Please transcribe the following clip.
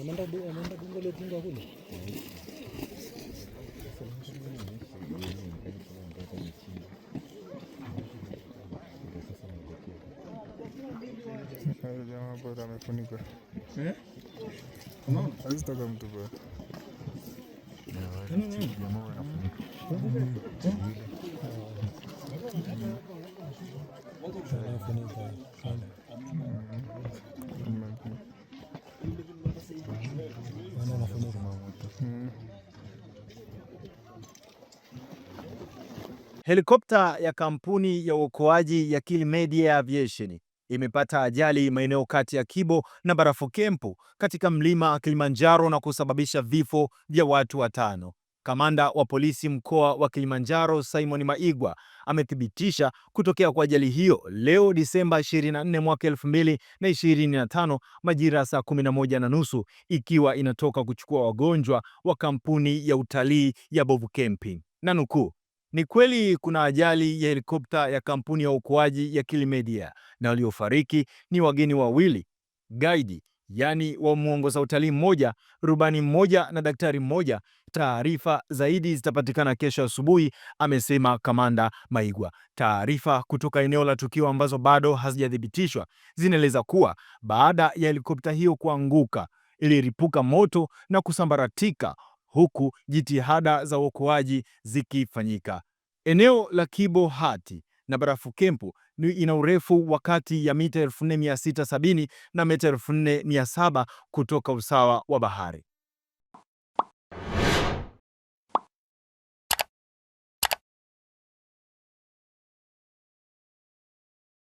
Ameenda ameenda gongo lodunga kule. amefunika. mtu bora. Mm-hmm. Helikopta ya kampuni ya uokoaji ya Kilimedia Aviation imepata ajali maeneo kati ya Kibo na Kempu katika mlima Kilimanjaro na kusababisha vifo vya watu watano. Kamanda wa polisi mkoa wa Kilimanjaro Simon Maigwa amethibitisha kutokea kwa ajali hiyo leo Disemba 24 mwaka 2025 majira saa 11 na nusu ikiwa inatoka kuchukua wagonjwa wa kampuni ya utalii ya Bovu Camping, na nukuu, ni kweli kuna ajali ya helikopta ya kampuni ya uokoaji ya Kilimedia na waliofariki ni wageni wawili, gaidi yaani wa mwongoza utalii mmoja, rubani mmoja na daktari mmoja. Taarifa zaidi zitapatikana kesho asubuhi, amesema Kamanda Maigwa. Taarifa kutoka eneo la tukio ambazo bado hazijathibitishwa zinaeleza kuwa baada ya helikopta hiyo kuanguka, iliripuka moto na kusambaratika, huku jitihada za uokoaji zikifanyika. Eneo la Kibo Hati na barafu kempu ina urefu wa kati ya mita 4670 na mita 4700 kutoka usawa wa bahari.